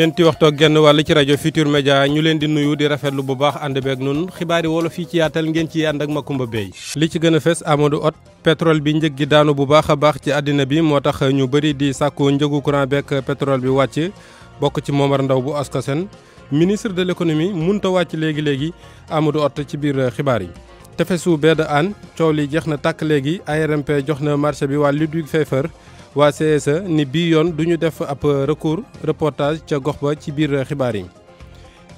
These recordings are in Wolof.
ñeenti waxtu ak genn wàll ci rajo Futur Media ñu leen di nuyu di lu bu baax ànd beeg nun xibaari wolof yi ci yaatal ngeen ci ànd ak Makumba Bey li ci gën a fes Amadou Hott pétrole bi njëg gi daanu bu baax a baax ci àddina bi moo tax ñu bëri di sàkku njëgu courant beeg pétrole bi wàcc bokk ci Momar Ndaw bu Ascosen ministre de l'économie munta wàcc léegi léegi Amadou Hott ci biir xibaar yi. tefesu beeda aan coow li jeex na tàkk léegi ARMP jox na marché bi waa Ludwig Pfeffer waa CSE ni bii yoon du ñu def ab recours reportage ca gox ba ci biir xibaar yi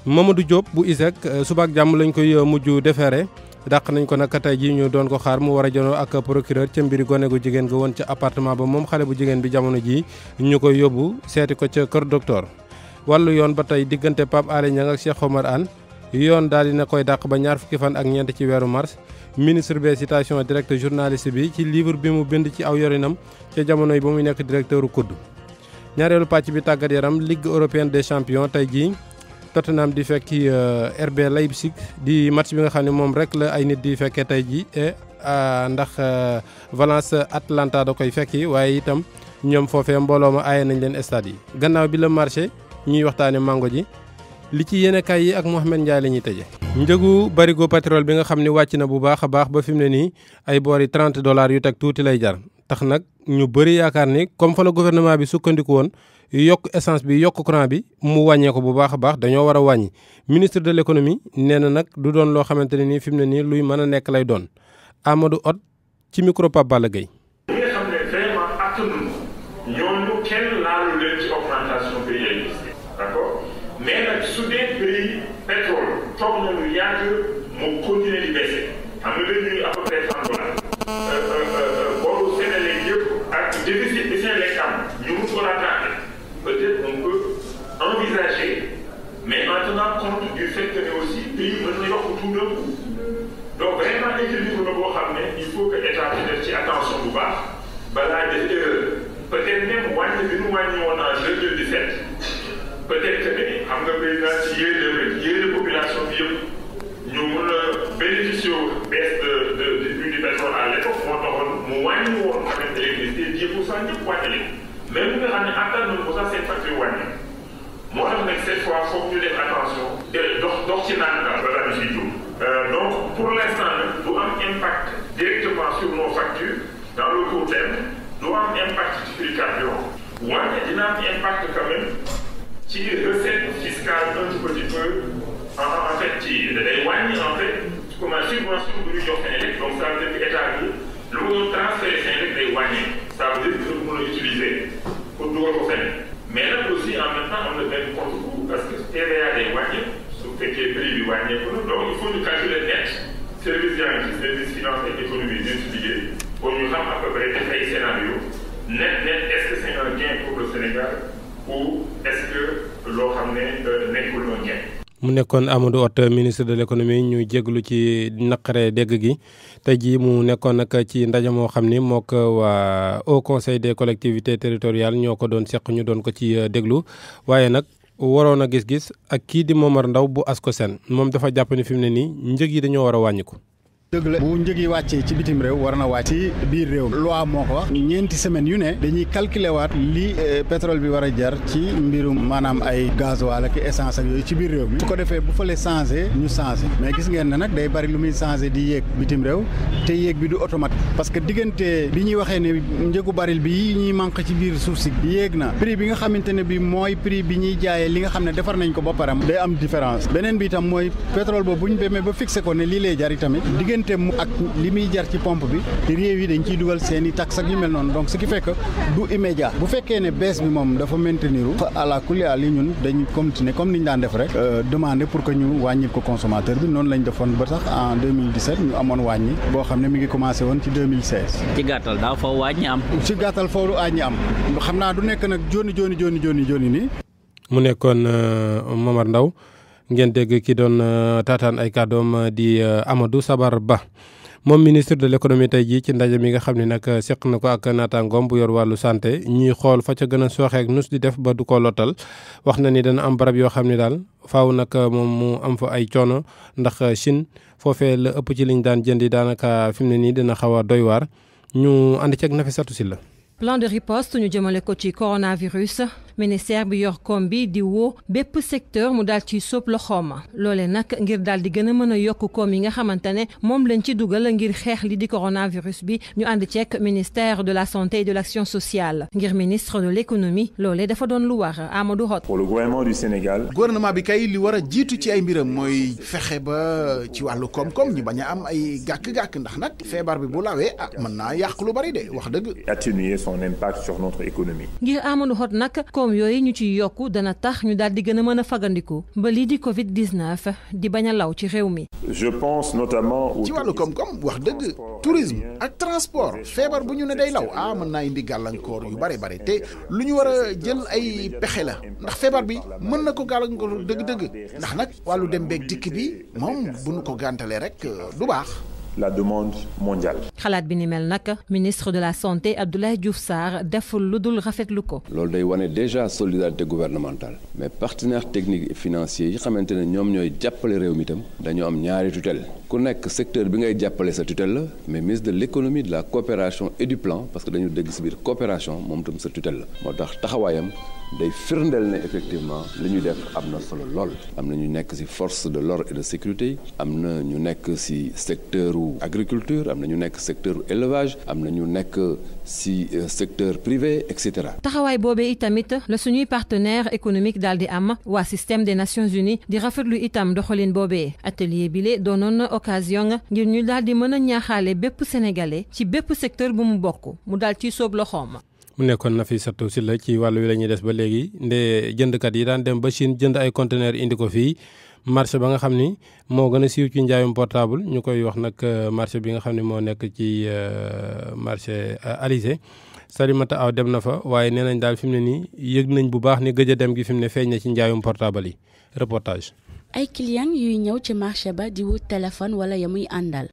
ma du Diop bu ISEC euh, subaak jàmm lañ koy euh, mujj defeere dàq nañ ko nag tey ji ñu doon ko xaar mu war a janoo ak procureur ca mbiri gone gu jigéen ga woon ca appartement ba moom xale bu jigéen bi jamono ji ñu koy yóbbu seeti ko ca kër docteur wàllu yoon ba tey diggante Pape Alé Niang ak Cheikh Omar yoon daal na koy dàq ba ñaar fukki fan ak ñeent ci weeru mars ministre bi citation directe journaliste bi ci livre bi mu bind ci aw yorinam ca jamono yi ba muy nekk directeuru kudd ñaareelu pàcc bi tàggat yaram ligue européenne de champions tey jii Tottenham di fekki euh, RB Leipzig di match bi nga xam ne moom rek la ay nit di fekkee tey jii e, ndax euh, Valence Atlanta da koy fekki waaye itam ñoom foofe mbooloo ma aaye nañ leen stade yi gannaaw bi la marché ñuy waxtaane mango ji li ci yéenekaay yi ak Mouhamed Ndiaye la ñuy tëje njëgu barigo patrol bi nga xam ni wàcc na bu baax a baax ba fi mu ne nii ay boori 30 dollars yu teg tuuti lay jar tax nag ñu bëri yaakaar ni comme fa la gouvernement bi sukkandiku woon yokk essance bi yokk courant bi mu wàññeeko ko bu baax a baax dañoo war a wàññi ministre de l'économie nee na nag du doon loo xamante ne nii fi mu ne nii luy mën a nekk lay doon Amadou Hott ci micro Pape Balla Gueye toog nañu lu yàgg mu continuer di baissé xam nga léegi ñu à peu près cent dollars booru Sénégal yëpp ak déficit bi Sénégal am ñu mun ko rattrapé peut-être on peut envisager mais en tenant compte du fait que ne aussi pays mën na yokk tout d'un coup donc vraiment équilibre la boo xam ne il faut que état bi def ci attention bu baax balaa def erreur peut-être même wàññi bi nu wàññi woon en 2017 peut-être que ne xam nga président ci yéen population qui nous bénéficions de l'universal à l'époque, on a moins de l'électricité, 10% du poids de Même nous avons atteint nos voisins, c'est pas facture, Moi, je voulais mets cette fois, il faut que attention, euh, Donc, pour l'instant, nous avons un impact directement sur nos factures, dans le court terme, nous avons un impact sur les Nous avons un impact quand même, qui recettes fiscales un petit peu en fait ci da day en fait comment subvention de l'union jox donc ça veut dire que l'État bi transfère les doon transféré Senelec ça veut dire que nous, mën pour tout le monde. mais là aussi en même temps on le pas contre vous, parce que TVA day ce que fekkee prix pris, pour nous, donc il faut cacher calculer net service yaa service finance et économie ñu pour nous à peu près des faits scénarios. net net est-ce que c'est un gain pour le Sénégal ou est-ce que l'on ramène ne pour un gain mu nekkoon Amadou Hott ministre de l'économie ñu jéglu ci naqare dégg gi tey jii mu nekkoon nag ci ndaje moo xam ni ko waa Haut Conseil des collectivités territoriale ñoo ko doon seq ñu doon ko ci euh, déglu waaye nag waroon a gis-gis ak kii di Momar ndaw bu ASCOSEN moom dafa jàpp ni fi mu ne nii njëg yi dañoo war a wàññiku dëgg la bu njëg yi wàccee ci bitim réew war na wàcc ci biir réew moo ko wax ñeenti semaines yu ne dañuy calculer li euh, pétrole bi war a jar ci mbirum maanaam ay gasoil ak essence ak yooyu ci biir réew mi su ko defee bu fale changé ñu changé mais gis ngeen ne nag day bari lu muy changé di yéeg bitim réew te yéeg bi du automatique parce que diggante bi ñuy waxee ne njëgu baril bi yi ñuy manqué ci biir suuf si yéeg na prix bi nga xamante ne bi mooy prix bi ñuy jaayee li nga xam ne defar nañ ko ba param bi itam diggante mu ak li muy jar ci pompe bi réew yi dañ ciy dugal seen i tax ak yu mel noonu donc ce qui fait du immédiat bu fekkee ne bees bi moom dafa maintenir àla kulia li ñun dañu continuer comme ni ñu daan def rek euh, demander pour que ñu wàññil ko consommateur bi noonu lañ defoon ba tax en 2017 ñu amoon wàññi boo xam ne mi ngi commencé woon ci 2016. ci gàttal daaw faw wàññi am. ci gàttal faw wàññi am xam naa du nekk nag jooni jooni jooni jooni jooni nii. mu nekkoon euh, Momar Ndao ngeen dégg ki doon euh, taataan ay kàddoom euh, di euh, Amadou Sabar Ba moom ministre de l'économie tey jii ci ndaje mi nga xam ne nag seq na ko ak naataangoom bu yor wàllu santé ñuy xool fa ca gën a sooxee ak di def ba du ko lottal wax na ni dana am barab yoo xam ne daal faw nag moom mu am fa ay coono ndax Chine foofe la ëpp ci liñ daan jëndi daanaka fi mu ne nii dina xaw a doy waar ñu ànd ci ak Nafissatou Sylla plan ministère bi yor koom bi di woo bépp secteur mu daal ciy sóob loxoom loole nak ngir dal di gëna mëna yok a koom yi nga xamantane mom lañ ci duggal ngir xeex li di coronavirus bi ñu ànd ceeg ministère de la santé et de l'action sociale ngir ministre de l'économie l'olé dafa doon lu war Amadou hot pour le gouvernement du Sénégal. gouvernement bi kay li wara jitu ci ay mbiram moy fexé ba ci walu kom kom ñu baña am ay gak gak ndax nak feebar bi bu lawé ah mën lu bari de wax dëgg. atténuer son impact sur notre économie. ngir Amadou hot nak. koom yooyu ñu ci yokk dana tax ñu daal di gën a mën a fagandiku ba lii di Covid 19 di bañ a law ci réew mi. je pense notamment ci wàllu koom-koom wax dëgg tourisme ak transport feebar bu ñu ne day law ah mën naa indi gàllankoor yu bare bare te lu ñu war a jël ay pexe la ndax feebar bi mën na ko gàllankoor dëgg-dëgg ndax nag wàllu dem beeg dikk bi moom bu ñu ko gàntalee rek euh, du baax. la demande mondiale. Khalad bi ni ministre de la santé Abdoulaye Diouf Sar, deful Rafet Rafet Louko. est déjà day déjà solidarité gouvernementale mais partenaires techniques et financiers yi xamante ne en train de réew mi itam dañoo am ñaari tutelle ku le secteur bi ngay jàppale sa tutelle la mais ministre de l'économie de la coopération et du plan parce que dañu des coopérations, biir coopération moom itam sa tutelle je suis day firndeel ne effectivement li ñu def am na solo lool am na ñu nekk ci force de l'ordre et de sécurité yi am na ñu nekk ci secteur agriculture am na ñu nekk secteur élevage am na ñu nekk ci euh, secteur privé et cetera. taxawaay boobee itamit la suñuy partenaire économique dal di am wa système des Nations Unies di rafetlu itam doxalin bobé atelier bi le doonoon occasion ngir ñu dal di mëna ñaaxalé ñaaxaale bépp sénégalais ci bépp secteur bu mu bokku mu daal ciy soob loxoom. mu nekkoon na fi sattu si la ci wàllu wi la ñuy des ba léegi nde jëndkat yi daan dem ba Chine jënd ay conteneur indi ko fii marché ba nga xam ni moo gën a siiw ci njaayum portable ñu koy wax nag euh, marché bi nga xam ne moo nekk ci euh, marché euh, Alizé Salimata Aw dem na fa waaye nee nañ daal fi mu ne nii yëg nañ bu baax ni gëj a dem gi fi mu ne feeñ na ci njaayum portable yi reportage. ay client yuy ñëw ci marché ba di wut téléphone wala ya andal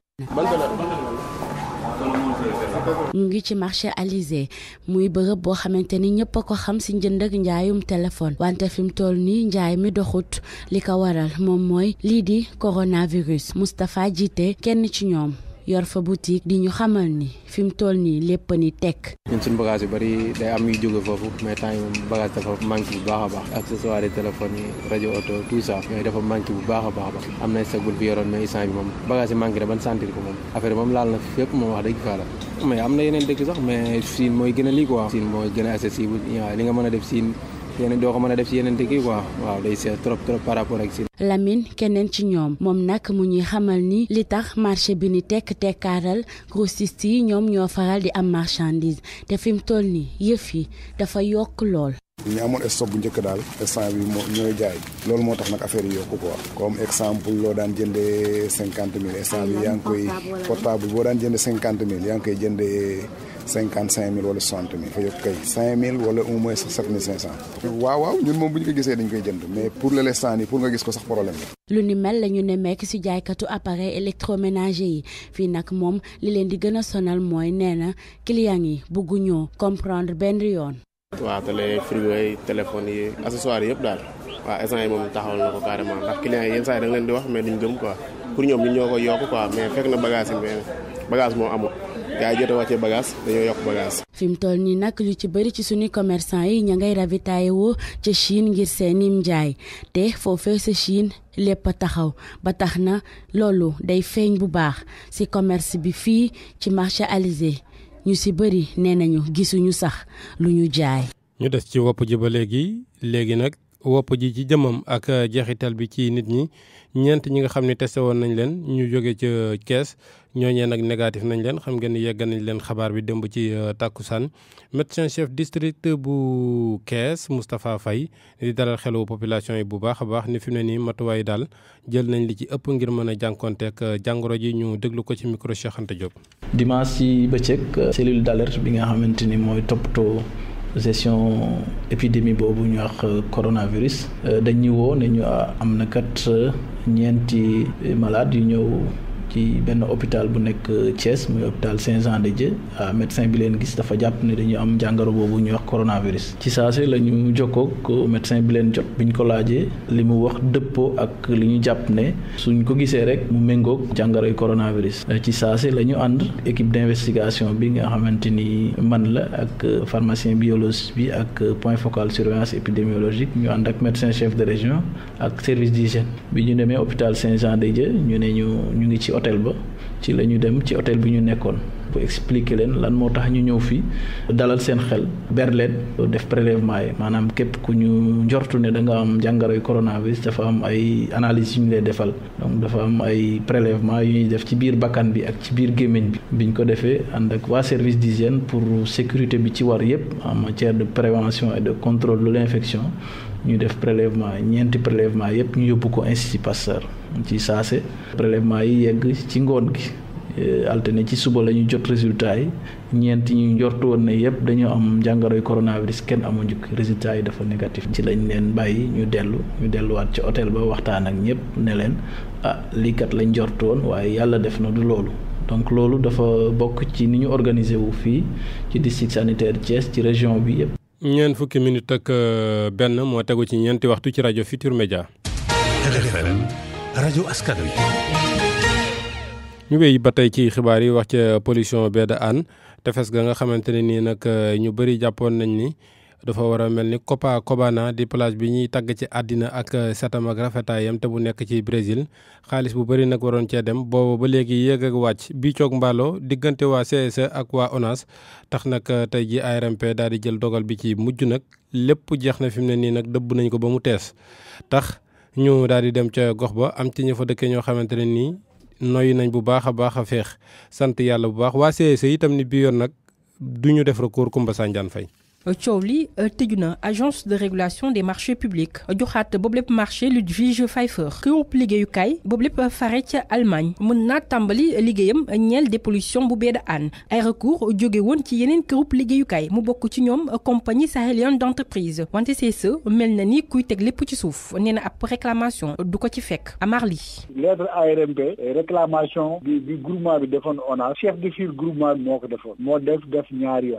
mu ngi ci marché Alizé muy bërëb boo xamante ni ñëpp a ko xam si njënd ak njaayum téléphone wante fi mu toll nii njaay mi doxut li ko waral moom mooy lii di coronavirus Moustapha jiite kenn ci ñoom yor fa boutique di ñu xamal ni fi mu toll nii lépp ni tekk. ñun suñu bagage yu bëri day am yu jóge foofu mais temps yi moom bagage dafa manqué bu baax a baax accessoires yi téléphones yi rajo oto tout ça yooyu dafa manqué bu baax a baax baax am na sax buñ fi yoroon mais instant bi moom bagage yi manqué na ban sentir ko moom affaire moom laal na fi fépp moom wax dëgg faa la mais am na yeneen dëkk sax mais siin mooy gën a lii quoi. siin mooy gën a accessible li nga mën a def siin. yeneen doo ko mën a def si yeneen dëkk yi quoi waaw day seet trop trop par rapport ak si. Lamine keneen ci ñoom moom nag mu ñuy xamal ni li tax marché bi ni tekk tekkaaral grossistes yi ñoom ñoo faral di am marchandise te fi mu toll nii yëf yi dafa yokk lool. ñi amoon stock bu njëkk daal instant bi moo ñooy jaay loolu moo tax nag affaire yi yokku quoi comme exemple loo daan jëndee cinquante mille instant yaa ngi koy portable boo daan jëndee cinquante mille yaa ngi koy jëndee. cinquante cinq mille wala soixante mille. fa yokk kay cinq mille wala au moins sept mille cinq cent. waaw waaw ñun moom bu ñu ko gisee dañ koy jënd mais pour le restant nii pour nga gis ko sax problème lu ni mel la ne mekk si jaaykatu appareil électroménager yi fii nag moom li leen di gën a sonal mooy nee na client yi bëgguñoo comprendre benn yoon. waaw télé frigo yi téléphone yi accessoires yëpp daal waaw instant yi moom taxawal na ko carrément ndax client yi yenn gaa yi jot a wàccee bagage dañoo yokk bagage. fi mu toll nii nag yu ci bëri ci suñu commerçant yi ña ngay ravitaillé woo ca Chine ngir seenim njaay te foofee sa Chine lépp a taxaw ba tax na loolu day feeñ bu baax ci commerce bi fii ci marché Alizé ñu ci bëri nee nañu gisuñu sax lu ñu jaay. ñu des ci wopp ji ba léegi léegi nag wopp ji ci jëmmam ak euh, jeexital bi ci nit ñi ñeent ñi nga xam ne testé woon nañ leen ñu jóge ca kees ñooñee nag négatif nañ leen xam ngeen ni yegg nañ leen xabaar bi démb ci euh, tàkkusaan médecin chef district bu kees Moustapha Faye di dalal xelu population yi bu baax a baax ni fim ne nii matuwaay daal jël nañ li ci ëpp ngir mën a jànkonteeg euh, jàngoro ji ñu déglu ko ci micro Cheikh Anta Diop. dimanche ci bëccëg cellule d'alerte bi nga xamante ni mooy toppatoo. gestion épidémie boobu ñu wax euh, coronavirus euh, dañ ñu woo ne ñu euh, am na kat ñeenti malade yu ñëw ci benn hôpital bu nekk Thiès muy hôpital Saint-Jean-de-Dieu ah, médecin bi leen gis dafa jàpp ne dañu am jàngoro boobu ñuy wax coronavirus. ci saase la ñu jokkoog médecin bi leen jot bi ñu ko laajee li mu wax dëppoo ak li ñu jàpp ne suñ ko gisee rek mu méngoog jàngoroy coronavirus. Eh, ci saase la ñu ànd équipe d'investigation bi nga xamante ni man la ak pharmacien biologiste bi ak point focal surveillance épidémiologique ñu ànd ak médecin chef de région ak service d'hygiène hôtel ba ci lañu dem ci hôtel bi ñu nekkoon pour expliquer leen lan moo tax ñu ñëw fii dalal seen xel ber leen def prélèvement yi maanaam képp ku ñu njortu ne da nga am jàngoroy coronavirus dafa am ay analyse yu ñu lay defal donc dafa am ay prélèvement yu ñuy def ci biir bakkan bi ak ci biir gémmiñ bi biñ ko defee ànd ak waa service d'hygiène pour sécurité bi ci war yépp en matière de prévention et de contrôle de l'infection ñu def prélèvement ñeenti prélèvement yépp ñu yóbbu ko Institut Pasteur ci saase prélèvement yi yegg ci ngoon gi euh, altine ci suba la ñu jot résultat yi ñeenti ñu njortu woon ne yëpp dañoo am jàngoroy coronavirus kenn amu njukk résultat yi dafa négatif ci lañ leen bàyyi ñu dellu ñu delluwaat ci hôtel ba waxtaan ak ñëpp ne leen ah lii kat lañ njortu woon waaye yàlla def na du loolu donc loolu dafa bokk ci ni ñu organiser wu fii ci district sanitaire Thiès ci région bi yëpp. ñeent fukki minute ak euh, benn moo tegu ci ñeenti waxtu ci rajo Futur Média. rajo askan wi. ñu wéy ba tey ci xibaar yi wax ca pollution bee ann tefes ga nga xamante ne nii nag eh, ñu bëri jàppoon nañ ni dafa war a mel ni Copa kobana di plage bi ñuy tagg ci àddina ak eh, setam ak rafetaayam te bu nekk ci Brésil xaalis bu bari nag waroon cee dem boobu ba léegi yéeg ak wàcc bi coog mbaalo diggante waa CSA e ak waa ONAS tax nag eh, tey ji ARMP daal di jël dogal bi ci mujj nag lépp jeex na fi mu ne nii nag dëbb nañ ko ba mu tees tax. ñu daal di dem ca gox ba am ci ñu fa dëkkee ñoo xamante ne nii noyyi nañ bu baax a baax a feex sant yàlla bu baax waa CEC itam ni bii yoon nag du ñu def rek recours Kumba Sanjaan fay Tchouli, euh, li euh, agence de régulation des marchés publics euh, joxaat Boblep marché Ludwig Pfeiffer kërup liggéeyukaay boblep lépp fare Allemagne mën Tambali, tàmbali Niel des pollutions bu beeda aan ay recours jóge woon ci yeneen kërup mu ci compagnie sahélienne d'entreprise wante CSE Melnani, na ni kuy teg lépp ci suuf nee na réclamation du ko ci fekk amar li lettre ARMP réclamation du groupement bi defoon ONAS chef de file groupement bi moo ko def def ñaari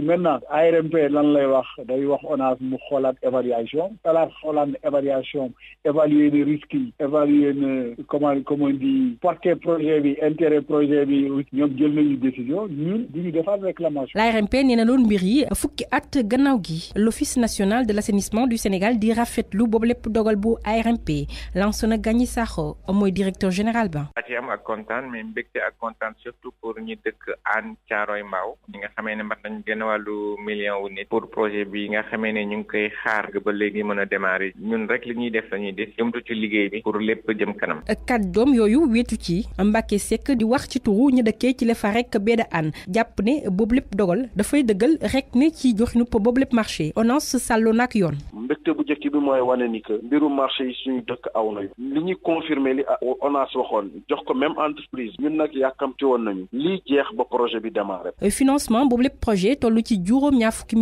maintenant ARMP lan lay wax day wax ONAS mu xoolaat évaluation talaat xoolaat évaluation évaluer ne risques yi évaluer ne comment comment on dit porter projet bi intérêt projet bi ñoom jël nañu décision ñun di ñu defaat réclamation l'ARMP nee na loolu mbir yi fukki at gannaaw gi l'office national de l'assainissement du Sénégal di rafetlu boobu lépp dogal bu ARMP na Gagny saxo mooy directeur général ba ci am ak kontaan mais mbégte ak kontaan surtout pour ñi dëkk Hann Thiaroye Mbao ñi nga xamee ne mat nañu gën a wàllu million wu it pour projet bi nga xamee ne ñu ngi koy xaar ba léegi mën a démarrer ñun rek li ñuy def dañuy des jëmtu ci liggéey bi pour lépp jëm kanam kàddoom yooyu wéetu ci Mbacke Seck di wax ci turu ñu dëkkee ci la fa rek beeda an jàpp ne boobu lépp dogal dafay dëggal rek ne ci joxinu boobu lépp marché onance sàlloo nag yoon mbégte bu njëkk bi mooy wane ni que mbiru marché yi suñu dëkk aw na li ñu confirmer li onance waxoon jox ko même entreprise ñun nag yàkkamti woon nañu lii jeex ba projet bi démarré. financement boobu lépp projet tollu ci juróom ñaar fukki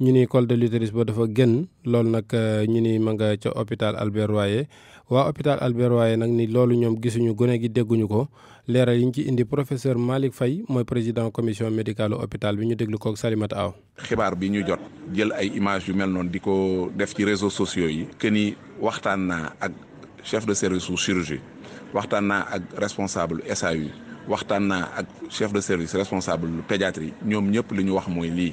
ñu ni col de l'utérus ba dafa génn loolu nag euh, ñu ni ma nga ca hôpital Albert waaye waa hôpital Albert Royer nag ni loolu ñoom gisuñu gone gi dégguñu ko leeral yi ñu ci indi professeur Malick fay mooy président commission médical hôpital bi ñu déglu kook Salimata Aw xibaar bi ñu jot jël ay image yu mel noonu di ko def ci réseau sociaux yi que ni waxtaan naa ak chef de service su chirurgie waxtaan naa ak responsable SAU waxtaan naa ak chef de service responsable pédiatrie ñoom ñëpp li ñu wax mooy lii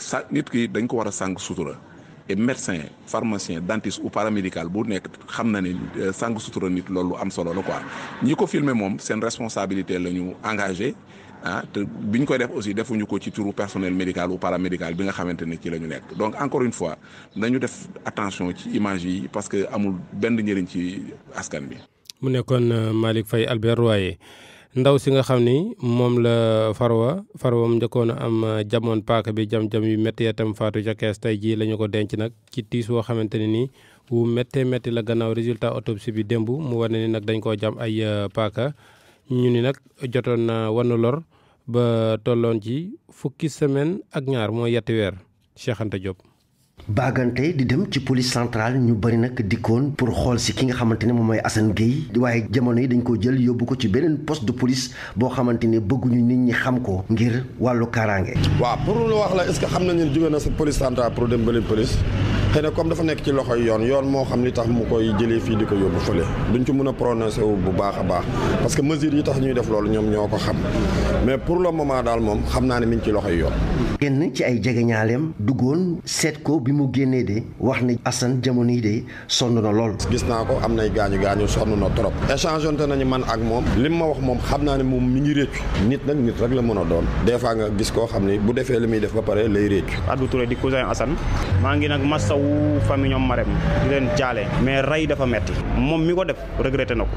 sa nit ki dañ ko war a sàng sutura et médecin pharmacien dentiste ou paramédical bu nekk xam na ne euh, sàng sutura nit loolu am solo la quoi ñi ko filmer moom seen responsabilité la ñu engagé ah te bi koy def aussi defuñu ko ci turu personnel médical ou paramédical bi nga xamante ne ci la ñu nekk donc encore une fois nañu def attention ci image yi parce que amul benn njëriñ ci askan bi. mu nekkoon euh, Malik Faye Albert Royer ndaw si nga xam ni moom la farwa farwa mu njëkkoon a am euh, jamoon paaka bi jam-jam yu métti itam faatu ca kees tey jii la ñu ko denc nag ci tiis woo xamante ne nii wu méttee métti la gannaaw résultat autopsie bi démb mu wane ni nag dañ koo jam ay euh, paaka ñu ni nag jotoon na wanu lor ba tolloon ji fukki semaine ak ñaar mooy yetti weer Cheikh Anta baagante di dem ci police centrale ñu bari nag dikkoon pour xool si ki nga xamante ne moom mooy Assane Gueye waaye jamono yi dañ ko jël yóbbu ko ci benn poste de polis boo xamante ne bëgguñu nit ñi xam ko ngir wàllu kaaraange. waa pour lu wax la est-ce que xam nañu ne na sa police centrale pour dem beneen police xëy comme dafa nekk ci loxo loxoy yoon yoon moo xam ni tax mu koy jëlee fii di ko yóbbu fële duñ ci mën a prononcé wu bu baax a baax parce que mesures yi tax ñuy def loolu ñoom ñoo ko xam mais pour le moment daal moom xam naa ne mi ci loxoy yoon. kenn ci ay jégeñalem dugon set ko bi mu génnee dé wax né Assane jamono yi dé sonu na lol gis na ko am nay gañu gañu sonu na trop échangeonte nañu man ak mom lim ma wax mom xamna né mom mi ngi réccu nit nak nit rek la mëna doon des fois nga gis ko xam bu défé limi def ba pare lay réccu. addu Touré di cousin Assane ma ngi nak masawu fami ñom marem di len jalé mais ray dafa metti mom mi ko def regretté nako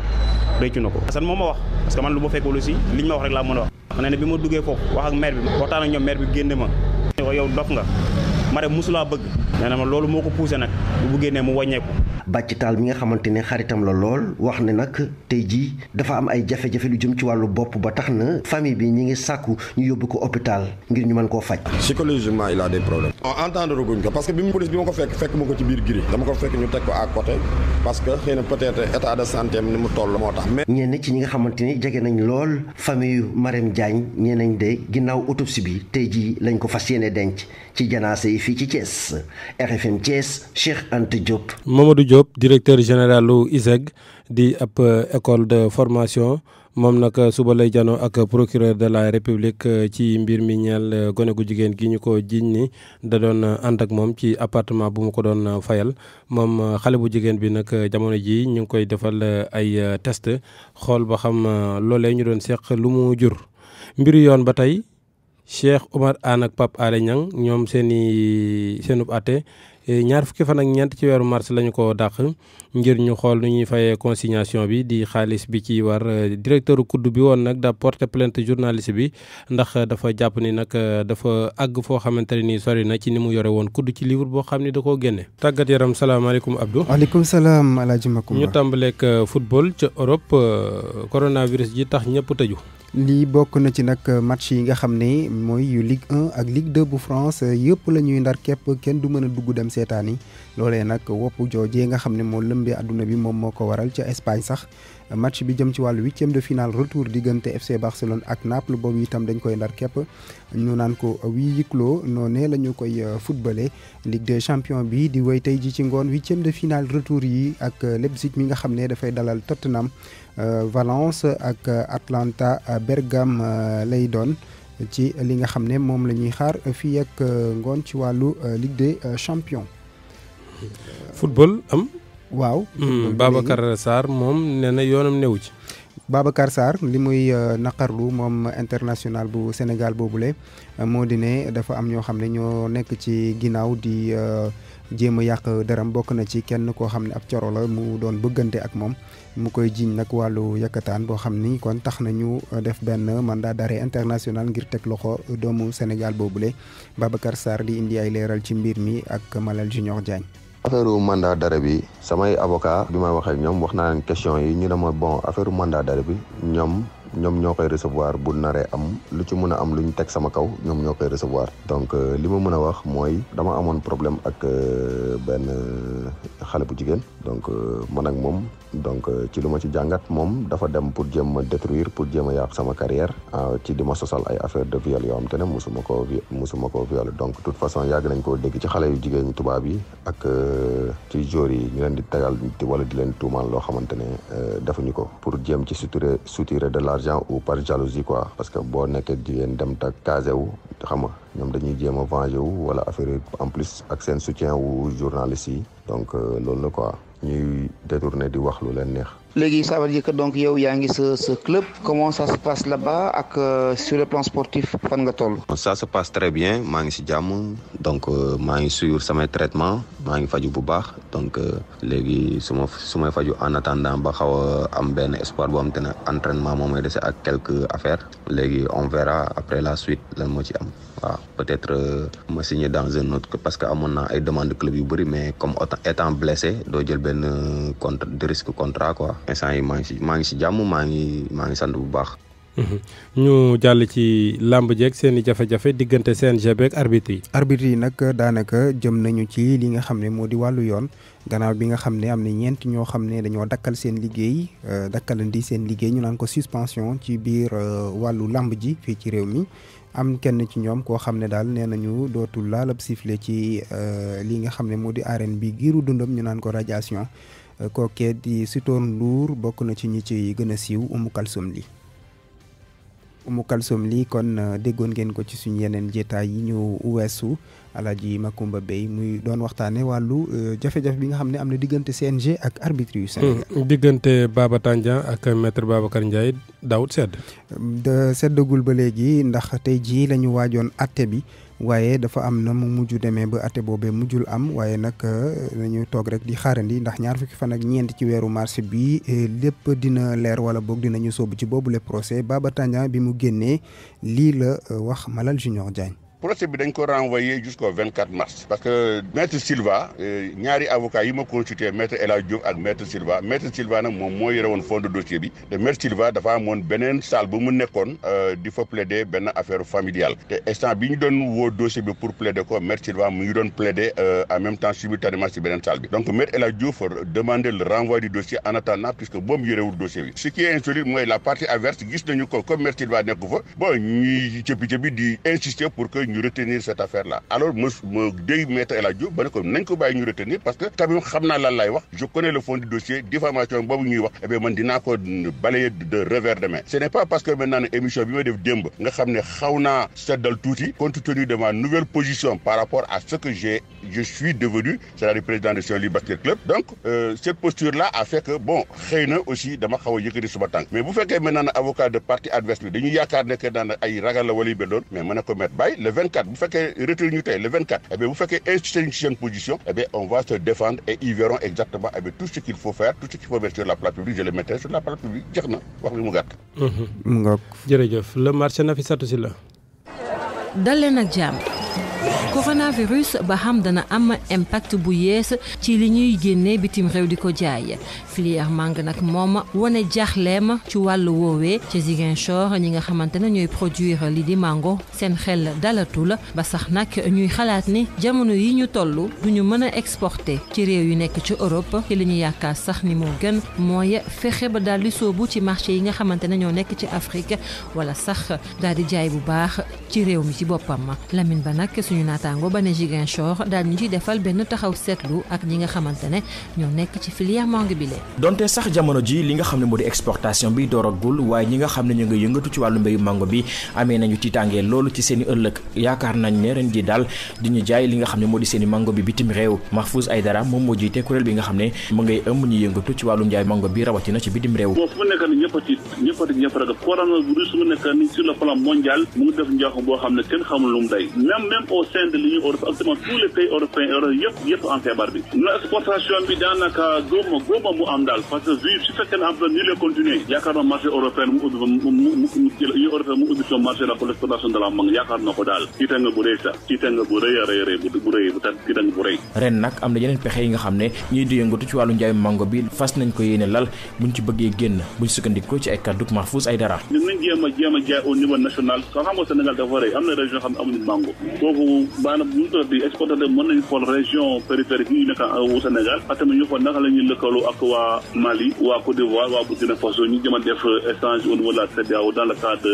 ko nako wax parce que man lu fekkul ci liñ ma wax rek la mëna wax. mané bi mo duggé fofu wax ak maire bi waxtaan ak maire bi ma yow dof nga Marème mosulaa bëgg nee na ma loolu moo ko poussé nag bu buggee ne mu wàññeeku. Bàcc Taal mi nga xamante ne xaritam la lool wax ne nag tey jii dafa am ay jafe-jafe lu jëm ci wàllu bopp ba tax na famille bi ñu ngi sàkku ñu yóbbu ko hôpital ngir ñu mën koo faj. psychologiquement il a des problèmes. on entendre guñ ko parce que bi mu police bi ma ko fekk fekk ma ko ci biir giri dama ko fekk ñu teg ko à côté parce que xëy na peut-être état de santé am ni mu toll m tax. ñenn ci ñi de ginnaaw autopsie bi tey jii lañ ko fas yéene denc ci janaase yi fii ci RFM Thiès Cheikh Anta Diop. Mamadou Diop directeur général lu ISEG di ab euh, école de formation mom nak euh, suba lay ak procureur de la république euh, ci mbir mi ñeel gone gu jigen gi ñuko ko da doon and ak mom ci appartement bu mu ko doon fayal mom xale bu jigen bi nak jamono ji ñu koy defal ay test xol ba xam lolé ñu doon seq lu mu jur mbir yoon ba Cheikh Oumar Anne ak Pape Alé Niang ñoom seen i seenub àtte ñaar fukki fan ak ñeent ci weeru mars lañu ko dàq ngir ñu xool nu ñuy fayee consignation bi di xaalis bi ci war euh, directeur kudd bi woon nag da porte plainte journaliste bi ndax dafa jàpp ni nag euh, dafa àgg foo xamante ne nii sori na ci ni mu yore woon kudd ci livre boo xam ne da koo génne. tàggat yaram salaamaaleykum Abdou. waaleykum salaam El Hadj Macoumba ñu tàmbaleeg euh, football ca Europe coronavirus ji tax ñëpp tëju. lii bokk na ci nag match yi nga xam ne mooy yu Ligue ak Ligue 2 bu France yëpp la ñuy ndar képp kenn du mën a dugg dem seetaan yi nag wopp joojee nga xam ne moo lëm bi aduna bi mom moko waral ci Espagne sax match bi jëm ci huitième de finale retour diggante FC Barcelone ak Naples bobu itam dañ koy ndar kep ñu naan ko wi clos noné lañu koy euh, Ligue des champions bi di way tay ji ci huitième de finale retour yi ak euh, Leipzig mi nga xamné da fay dalal Tottenham euh, Valence ak Atlanta Bergam lay doon ci li nga xamné mom lañuy xaar fi ak ngone ci walu Ligue des champions. football am. waaw. Hmm, Babacar Sarr moom nee na yoonam newu ci. Babacar Sarr li muy euh, naqarlu moom international bu Sénégal le euh, moo di ne dafa am ñoo xam ne ñoo nekk ci ginnaaw di euh, jéem a yàq dërëm bokk na ci kenn koo xam ne ab coro mu doon bëggante ak moom mu koy jiiñ nag wàllu yakkataan boo xam ni kon tax nañu def benn man daa d'arrêt international ngir teg loxo doomu Sénégal boobule Babacar Sarr di indi ay leeral ci mbir mi ak Malal Junior Diagne. affaire u mandat d'arrêt bi samay avocat bi may waxee ñoom wax naa leen question yi ñu ne ma bon affaire u mandat bi ñoom ñom ñokay recevoir bu naré am lu ci mëna am luñ tek sama kaw ñom ñokay recevoir donc euh, lima mëna wax problem dama amone problème ak euh, ben euh, xalé bu jigen donc man ak mom donc ci luma ci jangat mom dafa dem pour jëm détruire pour jëm sama carrière ci di sosal ay affaire de viol yo am tane musuma ko musuma ko viol donc toute façon yag nañ ko dégg ci xalé yu jigéen tuba bi ak ci ñu leen di wala di leen tuumaal lo xamantene dafa ñuko pour jëm ci de l'argent ou par jalousie quoi parce que bo nek jigéen dem ta casé wu xam dañuy venger wala affaire en plus soutien ou journaliste donc euh, loolu la quoi ñuy détourné di wax léegi ça veut dire que donc yow yaa ngi ce sa club comment ça se passe là-bas ak eh, sur le plan sportif fan nga toll. ça se passe très bien maa ngi si jàmm donc eh, maa ngi suivre sama traitement maa ngi faju bu baax donc eh, légui suma suma faju en attendant ba xaw am ben espoir bo am tane entraînement momay may ak quelques affaires légui on verra après la suite lan mo ci am waaw peut être ma signer dans un autre parce que amoon naa ay demande club yu bëri mais comme étant blessé do jël benn contre de risque contrat quoi. instant yi maa ngi si maa ngi si jàmm maa ngi maa ngi sant bu baax. Mhm. ñu jàll ci làmb jeeg seen i jafe-jafe diggante seen beeg arbitre yi. arbitre yi nag daanaka jëm nañu ci li nga xam ne moo di wàllu yoon gannaaw bi nga xam ne am na ñeent ñoo xam ne dañoo dakkal seen liggéey euh, dakkalandi seen liggéey ñu naan ko suspension ci biir euh, wàllu làmb ji fii ci réew mi. am kenn ci ñoom koo xam ne daal nee nañu dootul laalab sifflet ci euh, li nga xam ne moo di arène bi giiru dundam ñu naan ko rajation kookee di Sitor Ndour bokk na ci ñi ci gën a siiw Umu Kalsum li Umu Kalsum li kon euh, déggoon ngeen ko ci suñu yeneen jéetaay yi ñu weesu Alaaji Makumba Bey muy doon waxtaane wàllu euh, jafe-jafe bi nga xam ne am na diggante CNG ak arbitre yu Sénégal hmm, diggante Baba Tandian ak maître Babacar Ndiaye daawut sedd euh, seddagul ba léegi ndax tey jii lañu waajoon atte bi waaye dafa am na mu mujj demee ba até boobee mujjul am waaye nag euh, nañu toog rek di xaarandi ndax ñaar fukki fan ak ñeent ci weeru mars bi euh, lépp dina leer wala boog dinañu soobu ci boobu le procès Baba Tandian bi mu génnee lii la euh, wax Malal Junior Diagne procès bi dañ ko renvoyer jusqu'au 24 mars parce que maître Silva eh, ñaari avocat yi ma consulté maître El Hadj M. ak maître Silva maître Silva nak mom moo yore fond de dossier bi de maître Silva dafa amoon benen salle bu mu nekkoon euh, di fa plaider ben affaire familiale te instant bi ñu doon wo dossier bi pour plaider ko maître Silva mu ñu doon plaider euh, en même temps simultanément ci benen salle bi donc maître El Hadj demandé le renvoi du dossier en attendant puisque boobu yorewul dossier bi ce qui est insolite moy la partie adverse gis nañu ko comme maître Silva nekk fa bon ñuy cëppi di insister pour que retenir cette affaire là alors ma me maître El ko nañ retenir parce que je connais le fond du dossier diffamation bobu ñuy wax et eh bien man ko balayer de revers de main ce n'est pas parce que maintenant émission bi ma def demb nga xamné xawna sédal touti compte tenu de ma nouvelle position par rapport à ce que j'ai je suis devenu cest la dire président de Sion Basket Club donc euh, cette posture là a fait que bon xeyna aussi dama xaw a suba tank mais bu que maintenant avocat de parti adverse bi dañuy yaakaar ne que ay ragal la wali mais maintenant a ko 24 vous faites retenir ñu le 24 eh bien vous faites institution position eh bien on va se défendre et ils verront exactement eh bien tout ce qu'il faut faire tout ce qu'il faut mettre sur la place publique je le mettrai sur la place publique jeex na wax li mu gàtt. Mhm. mu ngoog le marché fait ça tout seul. ak Jam coronavirus ba xam dana am impact bu yees ci li ñuy génne bitim réew di ko jaay filière mang nag moom wane jaaxleem ci wàllu woowee ca Ziguinchor ñi nga xamante ne produire li di mango seen xel dalatul ba sax nag ñuy xalaat ni jamono yi ñu toll ñu mën a exporter ci réew yu nekk ci Europe ci li ñu yaakaar sax ni moo gën mooy fexe ba daal di ci marché yi nga xamante ne ñoo nekk ci Afrique wala sax daal di jaay bu baax ci réew mi ci boppam Lamine Ba nag suñu naat naataango ba ne Ziguinchor daal ñu ciy defal benn taxaw seetlu ak ñi nga xamante ne nekk ci filière mangue bi lee donte sax jamono ji li nga xam ne moo di exportation bi dooragul waaye ñi nga xam ne ñu ngi yëngatu ci wàllu mbéyu mango bi amee nañu tiitaange loolu ci seen ëllëg yaakaar nañ ne ji daal di ñu jaay li nga xam ne moo di seen i mango bi bitim réew Mahfouz Aydara moom moo jiite kuréel bi nga xam ne mu ngay ëmb ñu yëngatu ci wàllum de l'Union européenne actuellement tous les pays européens europe yëpp am feebar bi na exportation bi daanaka góoma góoma mu am daal parce que vu fekkee ne am ni le continuer yaakaar naa ko daal ci bu rëy sax ci bu rëy a rëy rëy bu rëy bu tax ci bu rëy ren nag am na yeneen pexe yi nga xam ne ñuy di yëngatu ci wàllu njaay bi fas nañ ko yéene lal buñ ci bëggee génn buñ sukkandikoo ci ay kàddu Mahfouz Aïdara ñu ngi jéem a jéem a maanaam bu ñu tuddati exportateur mën nañu xool région périphérique yi nekk au Sénégal a tamit ñu xool naka la ñuy lëkkaloo ak waa Mali waa Côte d'Ivoire waa Burkina Faso ñu jëm a def échange au niveau de a CEDEAO dans le cadre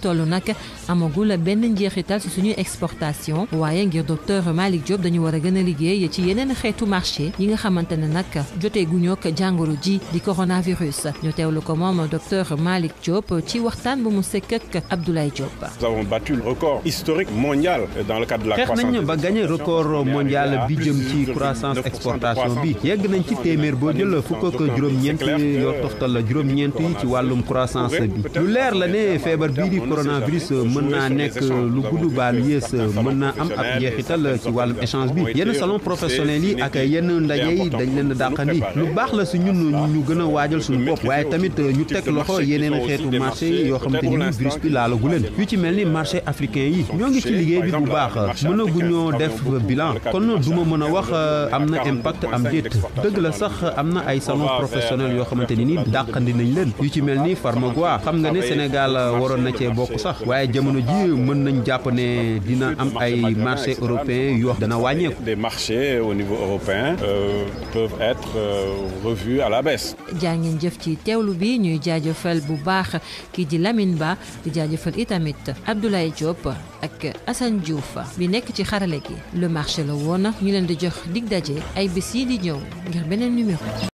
toll nag amagul benn njeexital ci suñuy exportation waaye ngir docteur malik Diop dañu war a gën a liggéey ci yeneen xeetu marché yi nga xamante ne nag jotee guñu ak jàngoro ji di coronavirus ñu teewlu ko moom docteur malik Diop ci waxtaan bu mu sekk ak Abdoulaye Diop. Nous avons battu le record historique mondial dans le cadre de la croissance. xeex nañ ba gagné record mondial bi jëm ci croissance exportation bi yegg nañ ci téeméer boo jël fukk ak juróom-ñeent yoo toftal la juróom-ñeent yi ci wàllum croissance bi lu leer la ne feebar bii di coronavirus mën naa nekk lu gudd baal yées mën naa am ab jeexital ci wàllum échange bi yenn salon professionnel yi ak yenn ndaje yi dañ leen dàqandi lu baax la si ñun ñu gën a waajal suñu bopp waaye tamit ñu teg loxo yeneen xeetu marché yi yoo xamante ni virus bi laalagu leen yu ci mel ni marché africain yi ñoo ngi ci liggéey bi bu baax mënaguñoo def bilan kon du ma mën a wax am na impact am déet dëgg la sax am na ay salon professionnel yoo xamante ni dàqandi nañ leen yu ci mel ni Farmagoa xam nga ne Sénégal waroon na cee bokk sax waaye jamono ji mën nañ jàpp ne dina am ay marché européen yoo dana wàññeeku. des marchés au niveau européen euh, peuvent être euh, revus à la baisse. jaa ngeen jëf ci teewlu bi ñuy jaajëfal bu baax kii di Lamine Ba di jaajëfal itamit Abdoulaye Diop ak Assane Diouf bi nekk ci xarale gi le marché la woon ñu leen di jox dig daje ay bis yi di ñëw ngir beneen numéro.